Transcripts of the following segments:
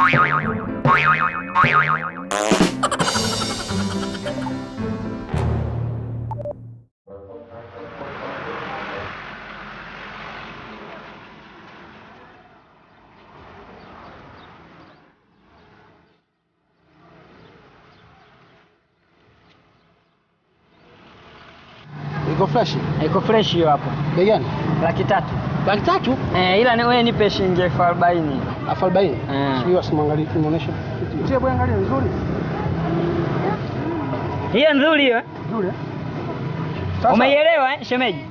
Iko fresh? Iko freshi hiyo hapo. Bei gani? Laki tatu. Tá laki tatu eh, ila ni wewe nipe shilingi elfu arobaini elfu arobaini eh. sijui wasimwangalie tunaonesha tie bwana, angalia nzuri hiyo, nzuri hiyo, eh? nzuri eh? umeielewa eh, shemeji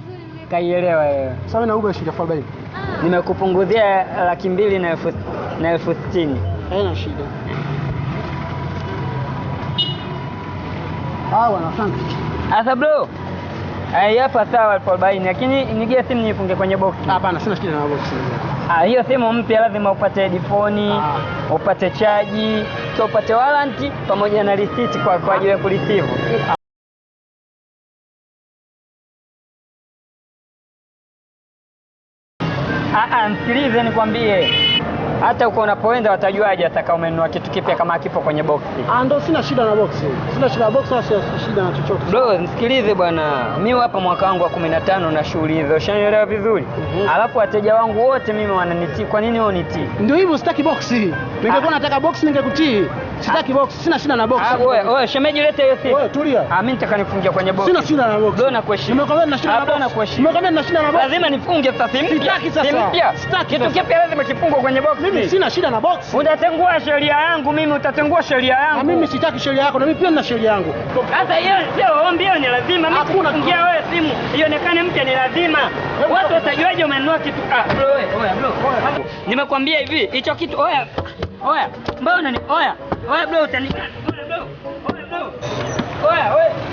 kaielewa wewe. Sasa na Uber shilingi elfu arobaini nimekupunguzia laki mbili na elfu na elfu sitini haina shida. Ah, bwana asante. Asa bro hapa eh, sawa elfu arobaini lakini nigia simu niifunge kwenye box. Hapana, sina shida na box. Ah, hiyo simu mpya lazima upate headphone, ah. upate chaji, so upate warranty pamoja na receipt kwa kwa ajili ya Ah, Ah, msikilize nikwambie hata huko unapoenda watajuaje ataka umenunua kitu kipya kama kipo kwenye boksi? Ah, ndo sina shida na box. Sina shida na box, sina shida na chochote. Bro, msikilize bwana. Mimi hapa mwaka wangu wa 15 na shughuli hizo. Ushanielewa vizuri? Mm -hmm. Alafu wateja wangu wote mimi wananitii. Kwa nini wao niti? Ndio hivyo sitaki boksi. Ningekuwa ah. nataka boksi ningekutii. Sitaki ah. box, sina shida na box. Ah, wewe, wewe shemeji lete hiyo simu. Wewe tulia. Ah, mimi nitaka nifungie kwenye box. Sina shida na box. Ndio nakuheshimu. Nimekwambia nina shida na box. Nimekwambia nina shida na box. Lazima nifunge sasa. Sitaki sasa. Sitaki. Kitu kipya lazima kifungwe kwenye box mimi sina shida na box. Utatengua sheria yangu mimi, utatengua sheria yangu. Na mimi sitaki sheria yako, na mimi pia nina sheria yangu. Sasa hiyo sio ombi, hiyo ni lazima. Mimi kufungia wewe simu ionekane mpya ni lazima. Watu watajuaje umenunua kitu? Ah, bro wewe, bro. Nimekwambia hivi, hicho kitu oya. Oya, mbona ni oya? Oya bro, utani. Oya bro. Oya bro. Oya, oya.